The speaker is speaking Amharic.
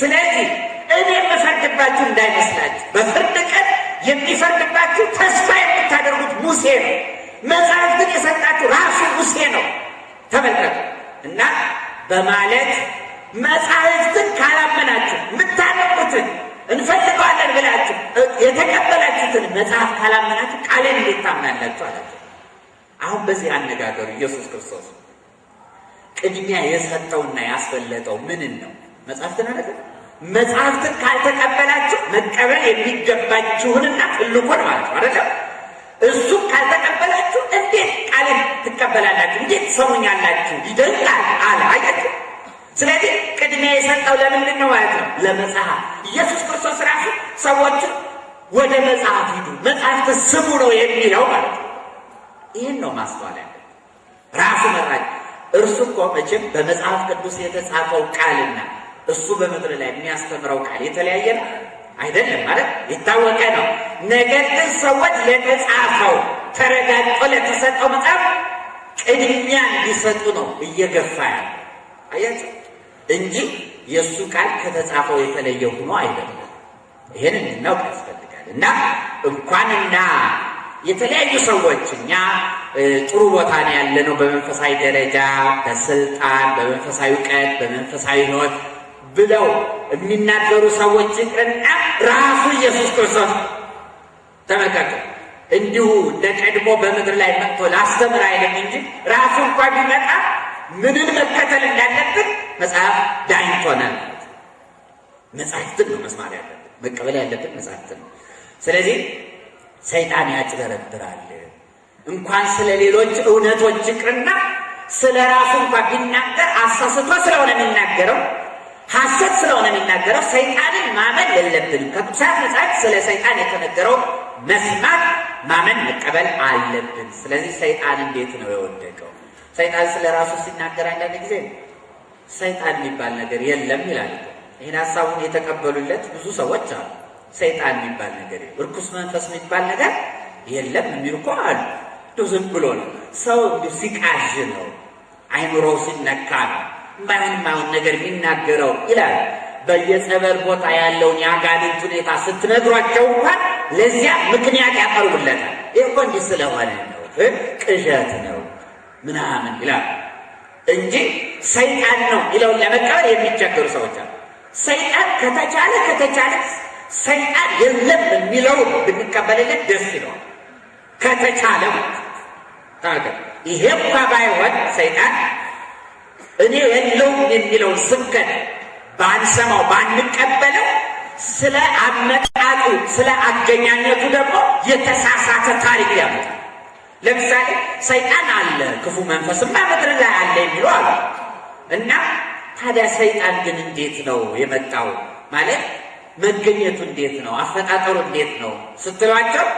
ስለዚህ እኔ የምፈርድባችሁ እንዳይመስላችሁ። በፍርድ ቀን የሚፈርድባችሁ ተስፋ የምታደርጉት ሙሴ ነው። መጽሐፍትን የሰጣችሁ ራሱ ሙሴ ነው። ተመልከቱ እና በማለት መጽሐፍትን ካላመናችሁ የምታደርጉትን እንፈልገዋለን ብላችሁ የተቀበላችሁትን መጽሐፍ ካላመናችሁ ቃሌን እንዴት ታምናላችሁ አላቸው። አሁን በዚህ አነጋገሩ ኢየሱስ ክርስቶስ ቅድሚያ የሰጠውና ያስፈለጠው ምንን ነው? መጽሐፍትን አደለ መጽሐፍትን ካልተቀበላችሁ መቀበል የሚገባችሁንና ትልቁን ማለት ነው አደለም? እሱም ካልተቀበላችሁ እንዴት ቃልን ትቀበላላችሁ? እንዴት ሰሙኛላችሁ? ይደንቃል አለ። አያችሁ? ስለዚህ ቅድሚያ የሰጠው ለምንድን ነው ማለት ነው? ለመጽሐፍ ኢየሱስ ክርስቶስ ራሱ ሰዎች ወደ መጽሐፍ ሂዱ፣ መጽሐፍት ስሙ ነው የሚለው ማለት ነው። ይህን ነው ማስተዋል ያለ ራሱ መራጅ እርሱ እኮ መቼም በመጽሐፍ ቅዱስ የተጻፈው ቃልና እሱ በምድር ላይ የሚያስተምረው ቃል የተለያየ ነው አይደለም ማለት የታወቀ ነው። ነገር ግን ሰዎች ለተጻፈው ተረጋግጦ ለተሰጠው መጽሐፍ ቅድሚያ እንዲሰጡ ነው እየገፋ ያለ አያት እንጂ የእሱ ቃል ከተጻፈው የተለየ ሆኖ አይደለም። ይህን እንድናውቅ ያስፈልጋል። እና እንኳንና የተለያዩ ሰዎች እኛ ጥሩ ቦታ ነው ያለነው፣ በመንፈሳዊ ደረጃ፣ በስልጣን፣ በመንፈሳዊ እውቀት፣ በመንፈሳዊ ህይወት ብለው የሚናገሩ ሰዎች ይቅርና ራሱ ኢየሱስ ክርስቶስ ተመልከቱ። እንዲሁ ለቀድሞ በምድር ላይ መጥቶ ላስተምር አይልም እንጂ ራሱ እንኳ ቢመጣ ምንን መከተል እንዳለብን መጽሐፍ ዳኝቶናል። መጽሐፍትን ነው መስማር ያለብን፣ መቀበል ያለብን መጽሐፍትን ነው። ስለዚህ ሰይጣን ያጭበረብራል። እንኳን ስለ ሌሎች እውነቶች ይቅርና ስለ ራሱ እንኳ ቢናገር አሳስቶ ስለሆነ የሚናገረው ስለሆነ የሚናገረው ሰይጣንን ማመን የለብንም። ከቅዱሳት መጽሐፍ ስለ ሰይጣን የተነገረው መስማት፣ ማመን፣ መቀበል አለብን። ስለዚህ ሰይጣን እንዴት ነው የወደቀው? ሰይጣን ስለ ራሱ ሲናገር አንዳንድ ጊዜ ሰይጣን የሚባል ነገር የለም ይላል። ይህን ሀሳቡን የተቀበሉለት ብዙ ሰዎች አሉ። ሰይጣን የሚባል ነገር እርኩስ መንፈስ የሚባል ነገር የለም የሚሉ እኮ አሉ። ዝም ብሎ ነው ሰው ሲቃዥ ነው አይምሮው ሲነካ ነው የማይሆን ነገር የሚናገረው ይላል። በየጸበል ቦታ ያለውን የአጋንንት ሁኔታ ስትነግሯቸው እንኳን ለዚያ ምክንያት ያቀርቡለታል። ይህ እኮ እንዲህ ስለሆነ ነው፣ ቅዠት ነው ምናምን ይላል እንጂ ሰይጣን ነው ይለውን ለመቀበል የሚቸገሩ ሰዎች አሉ። ሰይጣን ከተቻለ ከተቻለ ሰይጣን የለም የሚለው ብንቀበልለት ደስ ይለዋል። ከተቻለ ይሄ እንኳ ባይሆን ሰይጣን እኔ የለውም የሚለው ስብከት ባንሰማው ባንቀበለው፣ ስለ አመጣጡ ስለ አገኛኘቱ ደግሞ የተሳሳተ ታሪክ ያመጣል። ለምሳሌ ሰይጣን አለ፣ ክፉ መንፈስም በምድር ላይ አለ የሚሉ አሉ። እና ታዲያ ሰይጣን ግን እንዴት ነው የመጣው? ማለት መገኘቱ እንዴት ነው? አፈጣጠሩ እንዴት ነው ስትሏቸው